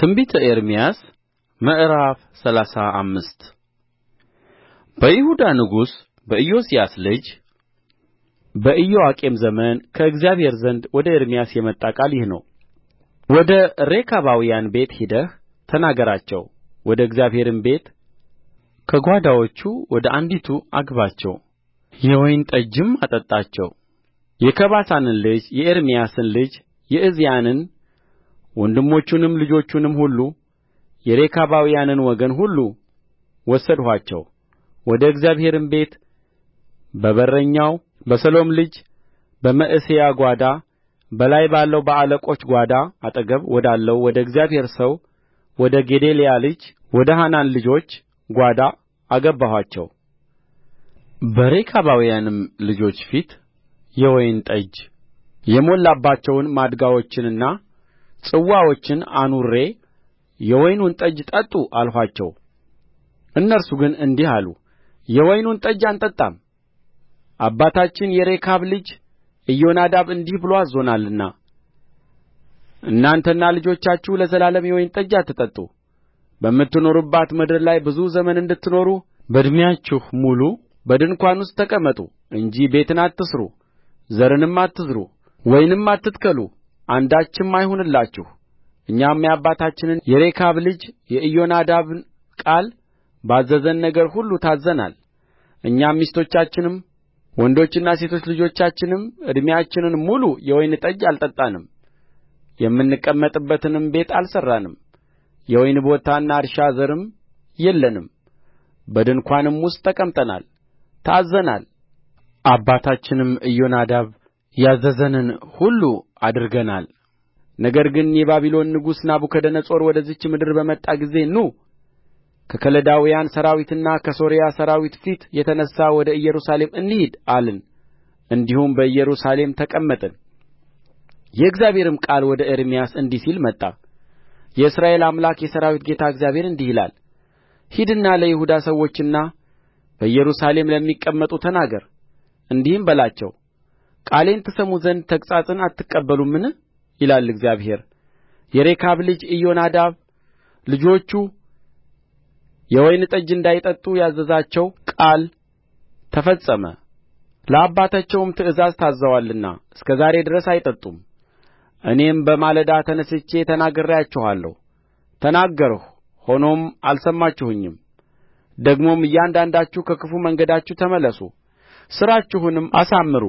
ትንቢተ ኤርምያስ ምዕራፍ ሰላሳ አምስት በይሁዳ ንጉሥ በኢዮስያስ ልጅ በኢዮአቄም ዘመን ከእግዚአብሔር ዘንድ ወደ ኤርምያስ የመጣ ቃል ይህ ነው። ወደ ሬካባውያን ቤት ሂደህ ተናገራቸው፣ ወደ እግዚአብሔርም ቤት ከጓዳዎቹ ወደ አንዲቱ አግባቸው፣ የወይን ጠጅም አጠጣቸው። የከባሳንን ልጅ የኤርምያስን ልጅ የእዝያንን ወንድሞቹንም ልጆቹንም ሁሉ የሬካባውያንን ወገን ሁሉ ወሰድኋቸው ወደ እግዚአብሔርም ቤት በበረኛው በሰሎም ልጅ በመዕሤያ ጓዳ በላይ ባለው በአለቆች ጓዳ አጠገብ ወዳለው ወደ እግዚአብሔር ሰው ወደ ጌዴልያ ልጅ ወደ ሐናን ልጆች ጓዳ አገባኋቸው። በሬካባውያንም ልጆች ፊት የወይን ጠጅ የሞላባቸውን ማድጋዎችንና ጽዋዎችን አኑሬ የወይኑን ጠጅ ጠጡ አልኋቸው እነርሱ ግን እንዲህ አሉ የወይኑን ጠጅ አንጠጣም አባታችን የሬካብ ልጅ ኢዮናዳብ እንዲህ ብሎ አዝዞናልና እናንተና ልጆቻችሁ ለዘላለም የወይን ጠጅ አትጠጡ በምትኖሩባት ምድር ላይ ብዙ ዘመን እንድትኖሩ በዕድሜአችሁ ሙሉ በድንኳን ውስጥ ተቀመጡ እንጂ ቤትን አትሥሩ ዘርንም አትዝሩ ወይንም አትትከሉ አንዳችም አይሁንላችሁ እኛም የአባታችንን የሬካብ ልጅ የኢዮናዳብን ቃል ባዘዘን ነገር ሁሉ ታዝዘናል እኛም ሚስቶቻችንም ወንዶችና ሴቶች ልጆቻችንም ዕድሜያችንን ሙሉ የወይን ጠጅ አልጠጣንም የምንቀመጥበትንም ቤት አልሠራንም የወይን ቦታና እርሻ ዘርም የለንም በድንኳንም ውስጥ ተቀምጠናል ታዝዘናል አባታችንም ኢዮናዳብ ያዘዘንን ሁሉ አድርገናል ነገር ግን የባቢሎን ንጉሥ ናቡከደነፆር ወደዚህች ምድር በመጣ ጊዜ ኑ ከከለዳውያን ሠራዊትና ከሶርያ ሠራዊት ፊት የተነሣ ወደ ኢየሩሳሌም እንሂድ አልን እንዲሁም በኢየሩሳሌም ተቀመጥን የእግዚአብሔርም ቃል ወደ ኤርምያስ እንዲህ ሲል መጣ የእስራኤል አምላክ የሠራዊት ጌታ እግዚአብሔር እንዲህ ይላል ሂድና ለይሁዳ ሰዎችና በኢየሩሳሌም ለሚቀመጡ ተናገር እንዲህም በላቸው ቃሌን ትሰሙ ዘንድ ተግሣጽን አትቀበሉምን ይላል እግዚአብሔር የሬካብ ልጅ ኢዮናዳብ ልጆቹ የወይን ጠጅ እንዳይጠጡ ያዘዛቸው ቃል ተፈጸመ ለአባታቸውም ትእዛዝ ታዝዘዋልና እስከ ዛሬ ድረስ አይጠጡም እኔም በማለዳ ተነሥቼ ተናግሬአችኋለሁ ተናገርሁ ሆኖም አልሰማችሁኝም ደግሞም እያንዳንዳችሁ ከክፉ መንገዳችሁ ተመለሱ ሥራችሁንም አሳምሩ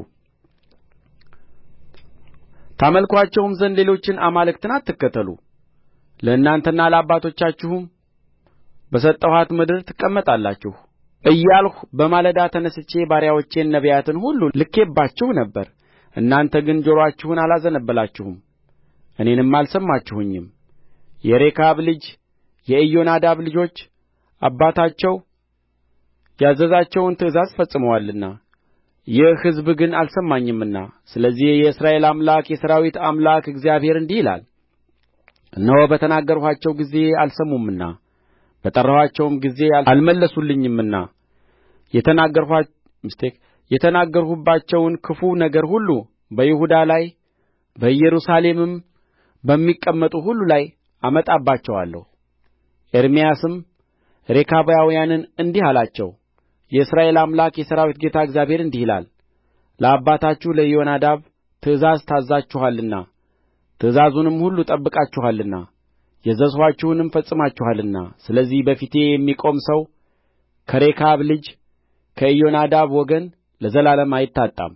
ታመልኩአቸውም ዘንድ ሌሎችን አማልክትን አትከተሉ ለእናንተና ለአባቶቻችሁም በሰጠኋት ምድር ትቀመጣላችሁ እያልሁ በማለዳ ተነሥቼ ባሪያዎቼን ነቢያትን ሁሉ ልኬባችሁ ነበር እናንተ ግን ጆሮአችሁን አላዘነበላችሁም እኔንም አልሰማችሁኝም የሬካብ ልጅ የኢዮናዳብ ልጆች አባታቸው ያዘዛቸውን ትእዛዝ ፈጽመዋልና ይህ ሕዝብ ግን አልሰማኝምና ስለዚህ የእስራኤል አምላክ የሠራዊት አምላክ እግዚአብሔር እንዲህ ይላል እነሆ በተናገርኋቸው ጊዜ አልሰሙምና በጠራኋቸውም ጊዜ አልመለሱልኝምና የተናገርሁባቸውን ክፉ ነገር ሁሉ በይሁዳ ላይ በኢየሩሳሌምም በሚቀመጡ ሁሉ ላይ አመጣባቸዋለሁ ኤርምያስም ሬካባውያንን እንዲህ አላቸው የእስራኤል አምላክ የሠራዊት ጌታ እግዚአብሔር እንዲህ ይላል ለአባታችሁ ለኢዮናዳብ ትእዛዝ ታዝዛችኋልና ትእዛዙንም ሁሉ ጠብቃችኋልና ያዘዝኋችሁንም ፈጽማችኋልና ስለዚህ በፊቴ የሚቆም ሰው ከሬካብ ልጅ ከኢዮናዳብ ወገን ለዘላለም አይታጣም